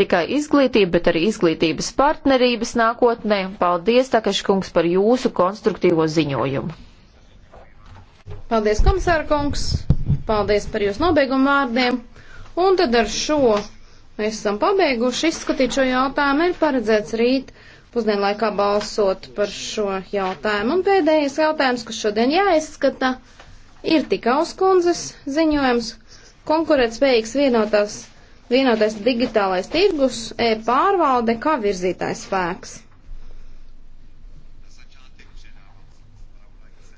tikai izglītība, bet arī izglītības partnerības nākotnē. Paldies, Takaškungs, par jūsu konstruktīvo ziņojumu. Paldies, komisāra kungs! Paldies par jūsu nobeigumu vārdiem! Un tad ar šo mēs esam pabeiguši izskatīt šo jautājumu. Ir paredzēts rīt pusdienlaikā balsot par šo jautājumu. Un pēdējais jautājums, kas šodien jāizskata, ir tik auskundzes ziņojums konkurētspējīgs vienotās vienotais digitālais tirgus, e-pārvalde kā virzītājs spēks.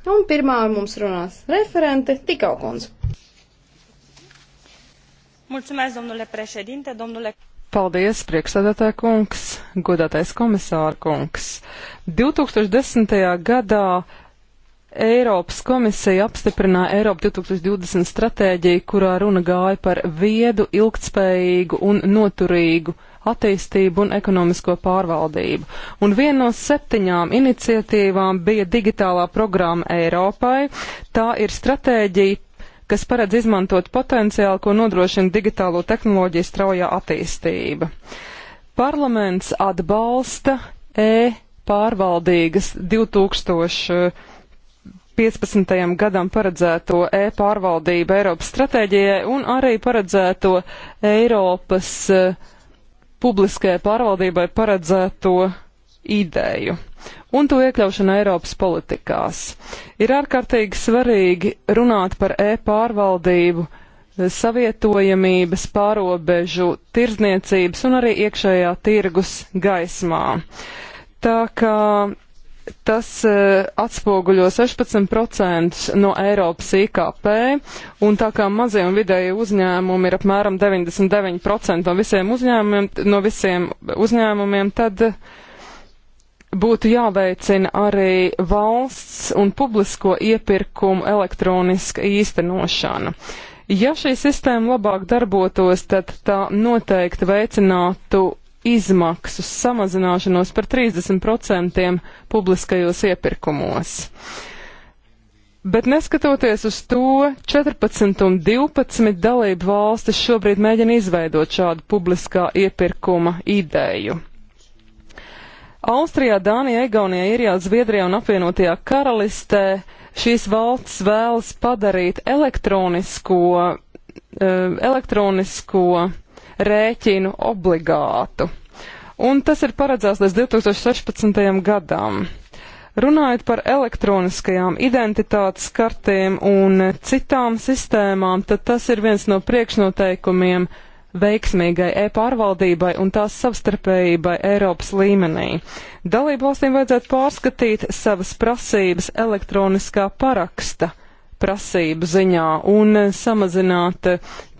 Un pirmā mums runās referente Tikau Konz. Mulțumesc, domnule președinte, domnule... Paldies, priekšsēdētāja kungs, godātais komisāra kungs. 2010. gadā Eiropas komisija apstiprināja Eiropu 2020 stratēģiju, kurā runa gāja par viedu, ilgtspējīgu un noturīgu attīstību un ekonomisko pārvaldību. Un viena no septiņām iniciatīvām bija digitālā programma Eiropai. Tā ir stratēģija kas paredz izmantot potenciālu, ko nodrošina digitālo tehnoloģiju straujā attīstība. Parlaments atbalsta e-pārvaldīgas 2000 2015. gadam paredzēto e-pārvaldību Eiropas stratēģijai un arī paredzēto Eiropas eh, publiskajai pārvaldībai paredzēto ideju un to iekļaušanu Eiropas politikās. Ir ārkārtīgi svarīgi runāt par e-pārvaldību, eh, savietojamības, pārobežu, tirdzniecības un arī iekšējā tirgus gaismā. Tā kā Tas e, atspoguļo 16% no Eiropas IKP, un tā kā mazie un vidēji uzņēmumi ir apmēram 99% no visiem uzņēmumiem, no visiem uzņēmumiem tad būtu jāveicina arī valsts un publisko iepirkumu elektroniska īstenošana. Ja šī sistēma labāk darbotos, tad tā noteikti veicinātu izmaksu samazināšanos par 30% publiskajos iepirkumos. Bet neskatoties uz to, 14 un 12 dalību valstis šobrīd mēģina izveidot šādu publiskā iepirkuma ideju. Austrijā, Dānijā, Igaunijā, Irijā, Zviedrijā un apvienotajā karalistē šīs valsts vēlas padarīt elektronisko, eh, elektronisko rēķinu obligātu. Un tas ir paredzēts līdz 2016. gadam. Runājot par elektroniskajām identitātes kartēm un citām sistēmām, tad tas ir viens no priekšnoteikumiem veiksmīgai e-pārvaldībai un tās savstarpējībai Eiropas līmenī. Dalību valstīm vajadzētu pārskatīt savas prasības elektroniskā paraksta prasību ziņā un samazināt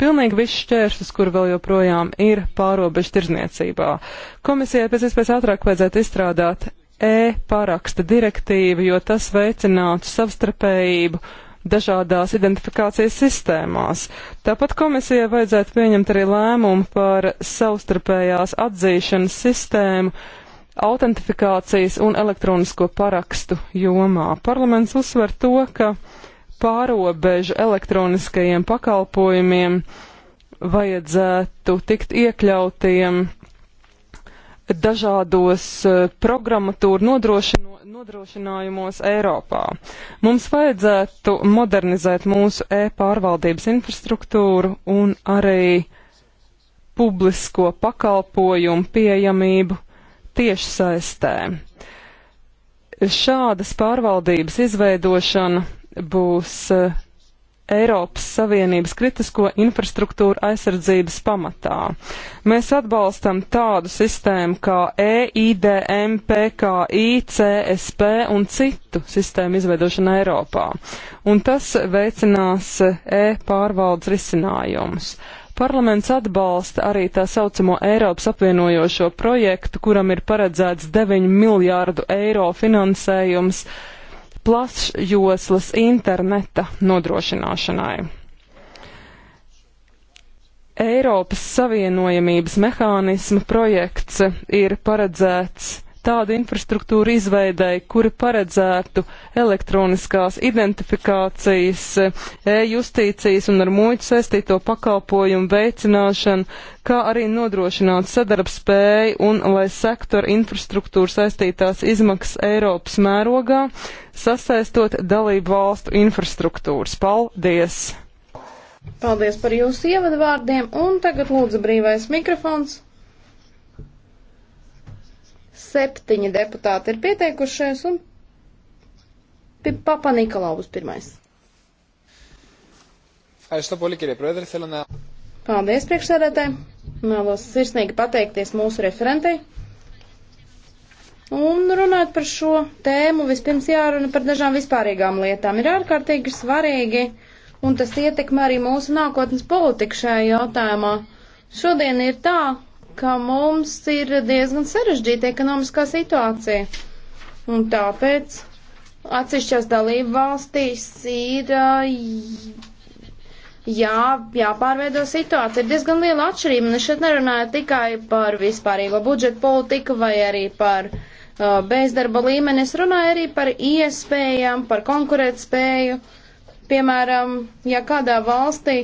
pilnīgi visus šķēršļus, kur vēl joprojām ir pārobežu tirzniecībā. Komisijai pēc iespējas ātrāk vajadzētu izstrādāt e-paraksta direktīvu, jo tas veicinātu savstarpējību dažādās identifikācijas sistēmās. Tāpat komisijai vajadzētu pieņemt arī lēmumu par savstarpējās atzīšanas sistēmu, autentifikācijas un elektronisko parakstu jomā. Parlaments uzsver to, ka pārobežu elektroniskajiem pakalpojumiem vajadzētu tikt iekļautiem dažādos e, programmatūru nodrošinājumos Eiropā. Mums vajadzētu modernizēt mūsu e-pārvaldības infrastruktūru un arī publisko pakalpojumu pieejamību tiešsaistē. Šādas pārvaldības izveidošana būs eh, Eiropas Savienības kritisko infrastruktūru aizsardzības pamatā. Mēs atbalstam tādu sistēmu kā EIDM, PKI, CSP un citu sistēmu izveidošanu Eiropā, un tas veicinās eh, e-pārvaldes risinājumus. Parlaments atbalsta arī tā saucamo Eiropas apvienojošo projektu, kuram ir paredzēts 9 miljārdu eiro finansējums plašjoslas interneta nodrošināšanai. Eiropas Savienojamības mehānisma projekts ir paredzēts tādu infrastruktūru izveidai, kuri paredzētu elektroniskās identifikācijas, e-justīcijas un ar muļķu saistīto pakalpojumu veicināšanu, kā arī nodrošināt sadarbspēju un lai sektora infrastruktūra saistītās izmaksas Eiropas mērogā, sasaistot dalību valstu infrastruktūras. Paldies! Paldies par jūsu ievadu vārdiem, un tagad lūdzu brīvais mikrofons. Septiņi deputāti ir pieteikušies un Papa Nikolaus pirmais. Paldies, priekšsēdētāji. Vēlos sirsnīgi pateikties mūsu referentei. Un runāt par šo tēmu vispirms jārunā par dažām vispārīgām lietām. Ir ārkārtīgi svarīgi, un tas ietekmē arī mūsu nākotnes politiku šajā jautājumā. Šodien ir tā, ka mums ir diezgan sarežģīta ekonomiskā situācija. Un tāpēc atsevišķās dalību valstīs ir jā, jāpārveido situācija. Ir diezgan liela atšķirība. Es šeit nerunāju tikai par vispārīgo budžetu politiku vai arī par uh, bezdarba līmeni. Es runāju arī par iespējām, par konkurētspēju. spēju Piemēram, ja kādā valstī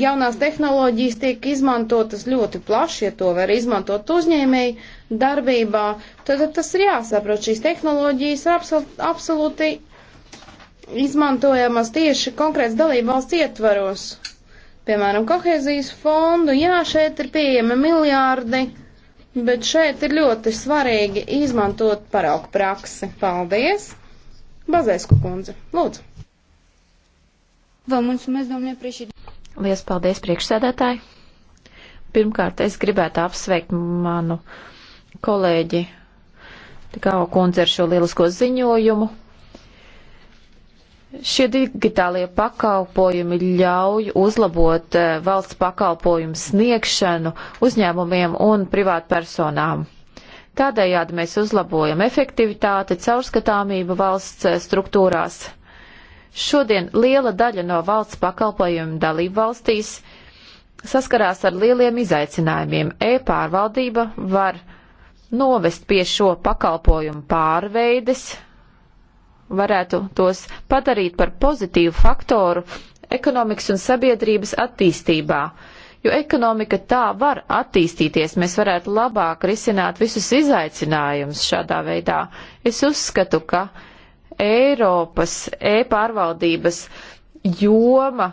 jaunās tehnoloģijas tiek izmantotas ļoti plaši, ja to var izmantot uzņēmēji darbībā, tad, tad tas ir jāsaprot. Šīs tehnoloģijas ir absol absolūti izmantojamas tieši konkrēts dalību valsts ietvaros. Piemēram, kohēzijas fondu, jā, šeit ir pieejami miljārdi, bet šeit ir ļoti svarīgi izmantot paraugu praksi. Paldies! Bazēsku kundze, lūdzu! Vă mulțumesc, domnule președinte. Lielas paldies, priekšsēdētāji. Pirmkārt, es gribētu apsveikt manu kolēģi Tikau kundze ar šo lielisko ziņojumu. Šie digitālie pakalpojumi ļauj uzlabot eh, valsts pakalpojumu sniegšanu uzņēmumiem un privātpersonām. Tādējādi mēs uzlabojam efektivitāti, caurskatāmību valsts eh, struktūrās Šodien liela daļa no valsts pakalpojumu dalību valstīs saskarās ar lieliem izaicinājumiem. E-pārvaldība var novest pie šo pakalpojumu pārveides, varētu tos padarīt par pozitīvu faktoru ekonomikas un sabiedrības attīstībā. Jo ekonomika tā var attīstīties, mēs varētu labāk risināt visus izaicinājumus šādā veidā. Es uzskatu, ka Eiropas e-pārvaldības joma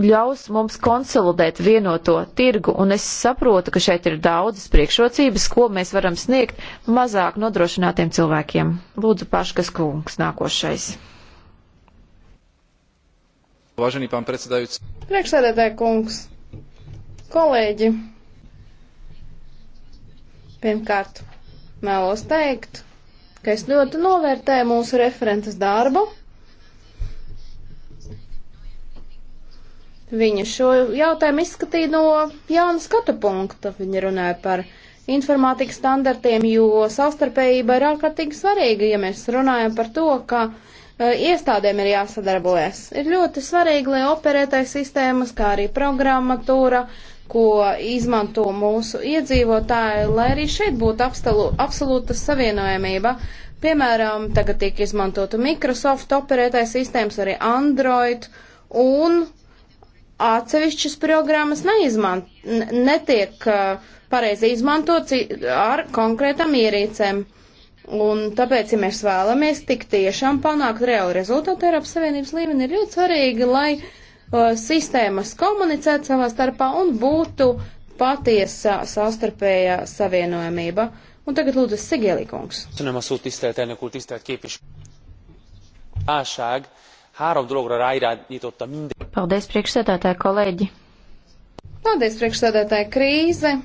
ļaus mums konsolidēt vienoto tirgu, un es saprotu, ka šeit ir daudzas priekšrocības, ko mēs varam sniegt mazāk nodrošinātiem cilvēkiem. Lūdzu, Paškas kungs nākošais. Važenī pām precedējus. Priekšsēdētāji kungs, kolēģi, pirmkārt, vēlos teikt, ka es ļoti novērtēju mūsu referentes darbu. Viņa šo jautājumu izskatīja no jauna skatu punkta. Viņa runāja par informātikas standartiem, jo savstarpējība ir ārkārtīgi svarīga, ja mēs runājam par to, ka uh, iestādēm ir jāsadarbojas. Ir ļoti svarīgi, lai operētāja sistēmas, kā arī programmatūra, ko izmanto mūsu iedzīvotāji, lai arī šeit būtu apstalu, absolūta savienojamība. Piemēram, tagad tiek izmantota Microsoft operētais sistēmas, arī Android, un atsevišķas programmas neizmant, netiek uh, pareizi izmantots ar konkrētam ierīcēm. Un tāpēc, ja mēs vēlamies tik tiešām panākt reālu rezultātu Eiropas Savienības līmenī, ir ļoti svarīgi, lai Uh, sistēmas komunicētu savā starpā un būtu patiesā savstarpējā savienojamība. Un tagad lūdzu Szegélyikungs. Köszönöm a szót, tisztelt elnök úr, tisztelt képviselő. Válság három dologra ráirányította minden. Paldies, priekšsēdētāji kolēģi. Paldies, priekšsēdētāji krīze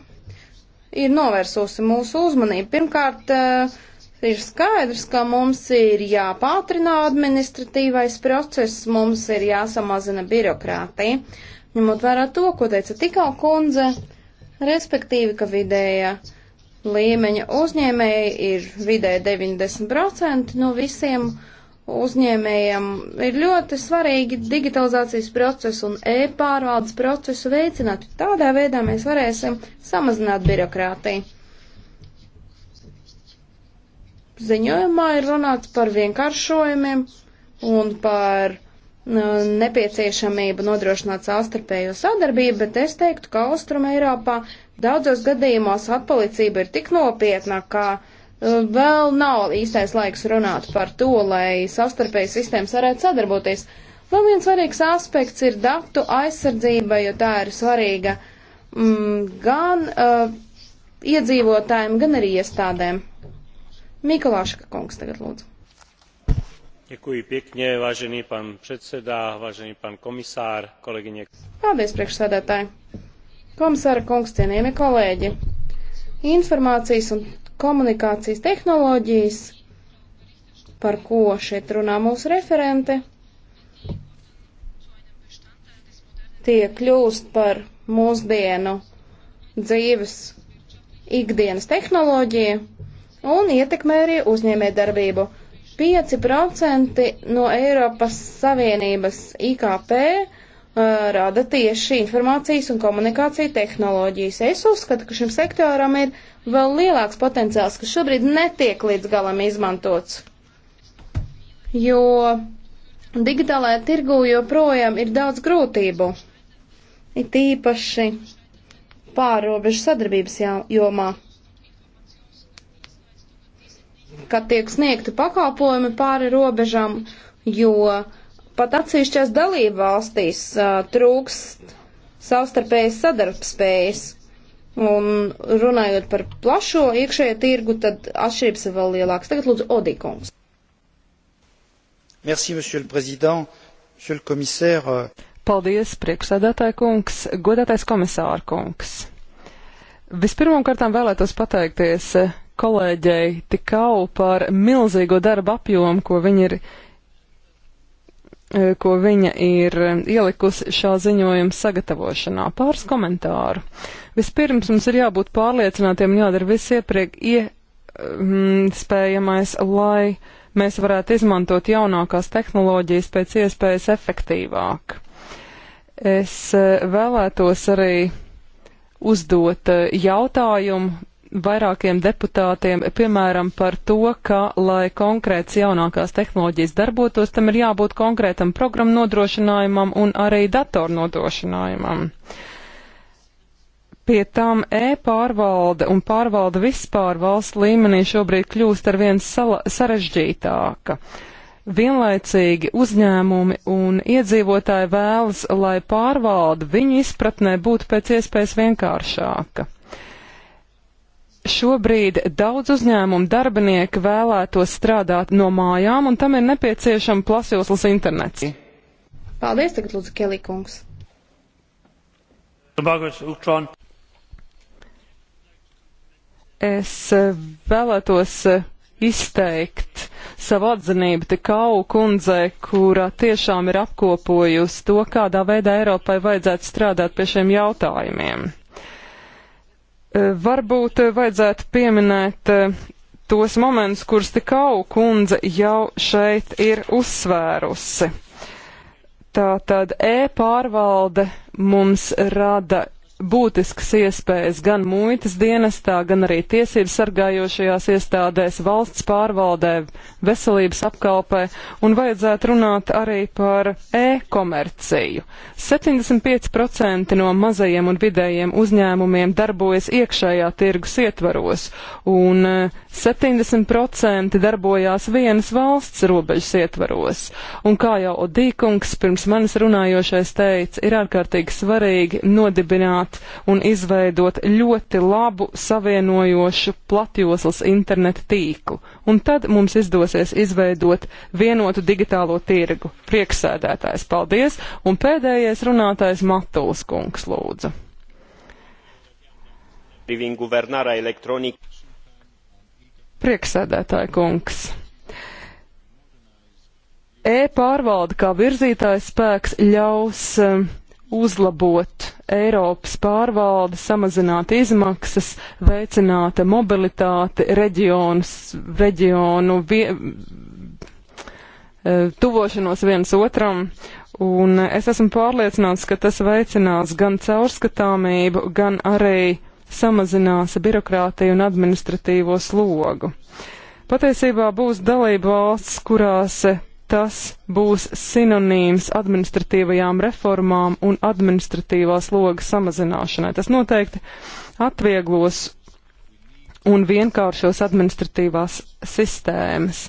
ir novērsusi mūsu uzmanību. Pirmkārt, uh, Ir skaidrs, ka mums ir jāpātrina administratīvais process, mums ir jāsamazina birokrātija, ņemot vērā to, ko teica tikau kundze, respektīvi, ka vidējā līmeņa uzņēmēji ir vidēji 90% no visiem uzņēmējiem. Ir ļoti svarīgi digitalizācijas procesu un e-pārvaldes procesu veicināt. Tādā veidā mēs varēsim samazināt birokrātiju ziņojumā ir runāts par vienkāršojumiem un par nu, nepieciešamību nodrošināt savstarpējo sadarbību, bet es teiktu, ka Austrum Eiropā daudzos gadījumos atpalicība ir tik nopietna, ka e, vēl nav īstais laiks runāt par to, lai savstarpēji sistēmas varētu sadarboties. Vēl viens svarīgs aspekts ir datu aizsardzība, jo tā ir svarīga mm, gan uh, iedzīvotājiem, gan arī iestādēm. Mikulāška kungs tagad lūdzu. Ďakujem pekne, vážený pán predsedā, vážený pán komisār, kolegyne. Paldies, priekšsēdētāji. Komisāra kungs, cienījami kolēģi. Informācijas un komunikācijas tehnoloģijas, par ko šeit runā mūsu referente, tie kļūst par mūsdienu dzīves ikdienas tehnoloģiju, un ietekmē arī uzņēmē darbību. 5% no Eiropas Savienības IKP uh, rada tieši informācijas un komunikāciju tehnoloģijas. Es uzskatu, ka šim sektoram ir vēl lielāks potenciāls, kas šobrīd netiek līdz galam izmantots. Jo digitālajā tirgū joprojām ir daudz grūtību. It īpaši pārobežu sadarbības jomā. kad tiek sniegti pakalpojumi pāri robežam, jo pat atsevišķās dalību valstīs uh, trūkst savstarpējas sadarbspējas. Un runājot par plašo iekšējo tirgu, tad atšķirības ir vēl lielākas. Tagad lūdzu Odikums. Merci, monsieur le président, monsieur le commissaire. Paldies, priekšsēdētāja kungs, godātais komisāra kungs. Vispirmām kārtām vēlētos pateikties kolēģei Tikau par milzīgo darba apjomu, ko viņa ir eh, ko viņa ir eh, ielikusi šā ziņojuma sagatavošanā. Pāris komentāru. Vispirms mums ir jābūt pārliecinātiem un jādara viss iepriek iespējamais, mm, lai mēs varētu izmantot jaunākās tehnoloģijas pēc iespējas efektīvāk. Es eh, vēlētos arī uzdot jautājumu vairākiem deputātiem, piemēram, par to, ka, lai konkrēts jaunākās tehnoloģijas darbotos, tam ir jābūt konkrētam programmu nodrošinājumam un arī datoru nodrošinājumam. Pie tam e-pārvalde un pārvalde vispār valsts līmenī šobrīd kļūst ar vien sarežģītāka. Vienlaicīgi uzņēmumi un iedzīvotāji vēlas, lai pārvalde viņu izpratnē būtu pēc iespējas vienkāršāka. Šobrīd daudz uzņēmumu darbinieki vēlētos strādāt no mājām, un tam ir nepieciešama plasjoslas internets. Paldies, tagad lūdzu Kelikungs. Es e, vēlētos e, izteikt savu atzinību tik augu kundzei, kura tiešām ir apkopojusi to, kādā veidā Eiropai vajadzētu strādāt pie šiem jautājumiem. Eh, varbūt eh, vajadzētu pieminēt eh, tos momentus, kurus tik augu kundze jau šeit ir uzsvērusi. Tātad e-pārvalde mums rada būtiskas iespējas gan muitas dienestā, gan arī tiesību sargājošajās iestādēs, valsts pārvaldē, veselības apkalpē, un vajadzētu runāt arī par e-komerciju. 75% no mazajiem un vidējiem uzņēmumiem darbojas iekšējā tirgus ietvaros, un 70% eh, darbojās vienas valsts robežas ietvaros. Un kā jau Odīkungs pirms manis runājošais teica, ir ārkārtīgi svarīgi nodibināt iet un izveidot ļoti labu savienojošu platjoslas internetu tīklu. Un tad mums izdosies izveidot vienotu digitālo tirgu. Prieksēdētājs, paldies! Un pēdējais runātājs Matūs kungs lūdzu. Prieksēdētāja kungs e-pārvalde kā virzītājs spēks ļaus um, uzlabot Eiropas pārvalde, samazināt izmaksas, veicināt mobilitāti reģionus, reģionu vie, eh, tuvošanos viens otram. Un es esmu pārliecināts, ka tas veicinās gan caurskatāmību, gan arī samazinās birokrātiju un administratīvo slogu. Patiesībā būs dalība valsts, kurās tas būs sinonīms administratīvajām reformām un administratīvās logas samazināšanai. Tas noteikti atvieglos un vienkāršos administratīvās sistēmas.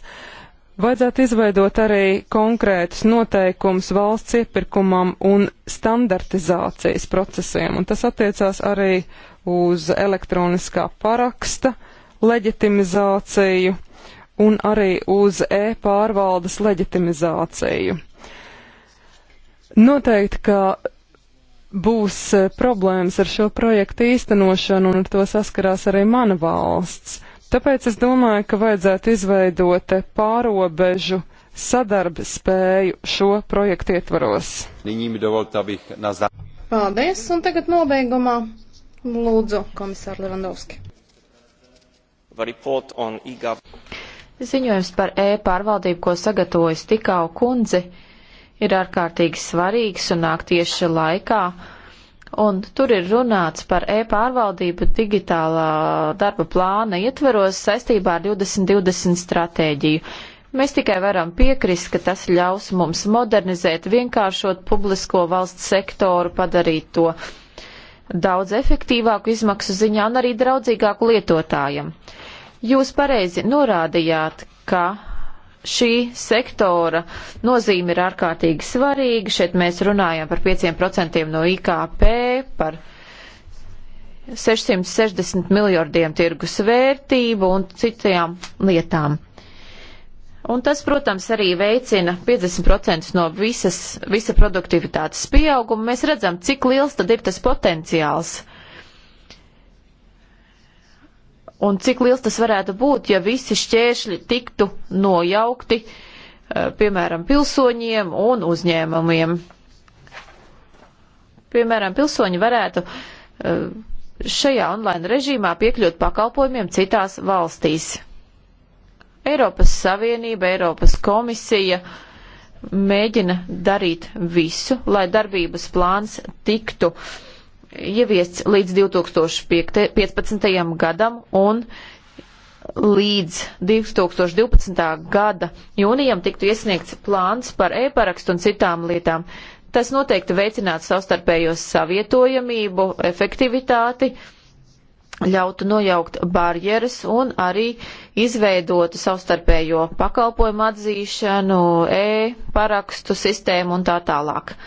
Vajadzētu izveidot arī konkrētus noteikumus valsts iepirkumam un standartizācijas procesiem, un tas attiecās arī uz elektroniskā paraksta leģitimizāciju, un arī uz e-pārvaldes leģitimizāciju. Noteikti, ka būs e, problēmas ar šo projektu īstenošanu, un ar to saskarās arī mana valsts. Tāpēc es domāju, ka vajadzētu izveidot e, pārobežu sadarba spēju šo projektu ietvaros. Paldies, un tagad nobeigumā lūdzu komisāru Levandovski. Ziņojums par e-pārvaldību, ko sagatavojas tikau kundze, ir ārkārtīgi svarīgs un nāk tieši laikā, un tur ir runāts par e-pārvaldību digitālā darba plāna ietveros saistībā ar 2020 stratēģiju. Mēs tikai varam piekrist, ka tas ļaus mums modernizēt, vienkāršot publisko valsts sektoru, padarīt to daudz efektīvāku izmaksu ziņā un arī draudzīgāku lietotājiem. Jūs pareizi norādījāt, ka šī sektora nozīme ir ārkārtīgi svarīga. Šeit mēs runājam par 5% no IKP, par 660 miljardiem tirgus vērtību un citām lietām. Un tas, protams, arī veicina 50% no visas, visa produktivitātes pieauguma. Mēs redzam, cik liels tad ir tas potenciāls. Uh, un cik liels tas varētu būt, ja visi šķēršļi tiktu nojaukti, eh, piemēram, pilsoņiem un uzņēmumiem. Piemēram, pilsoņi varētu eh, šajā online režīmā piekļūt pakalpojumiem citās valstīs. Eiropas Savienība, Eiropas komisija mēģina darīt visu, lai darbības plāns tiktu uh, ieviests līdz 2015. gadam un līdz 2012. gada jūnijam tiktu iesniegts plāns par e-parakstu un citām lietām. Tas noteikti veicinātu savstarpējos savietojamību, efektivitāti, ļautu nojaukt barjeras un arī izveidotu savstarpējo pakalpojumu atzīšanu, e-parakstu sistēmu un tā tālāk. Uh,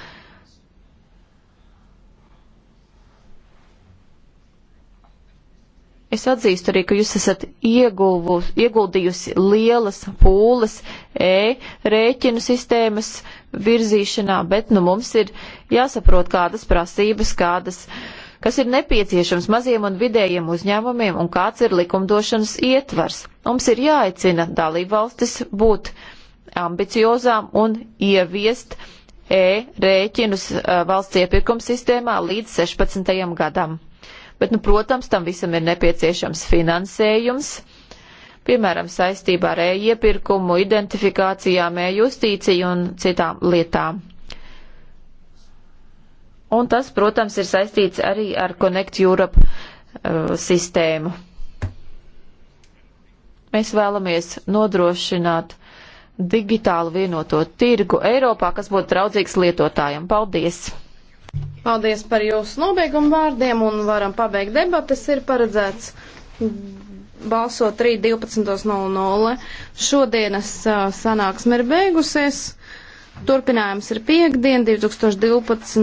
Es atzīstu arī, ka jūs esat iegulvus, ieguldījusi lielas pūles e-rēķinu sistēmas virzīšanā, bet nu mums ir jāsaprot, kādas prasības, kādas, kas ir nepieciešams maziem un vidējiem uzņēmumiem un kāds ir likumdošanas ietvars. Mums ir jāicina dalībvalstis būt ambiciozām un ieviest e-rēķinus e, valsts iepirkums sistēmā līdz 16. gadam. Bet, nu, protams, tam visam ir nepieciešams finansējums. Piemēram, saistībā ar e-iepirkumu, identifikācijām, e-justīciju un citām lietām. Un tas, protams, ir saistīts arī ar Connect Europe uh, sistēmu. Mēs vēlamies nodrošināt digitālu vienoto tirgu Eiropā, kas būtu draudzīgs lietotājiem. Paldies! Paldies par jūsu nobeigumu vārdiem un varam pabeigt debatas. Ir paredzēts balsot rīt 12.00. Šodienas sanāksme ir beigusies. Turpinājums ir piekdien 2012.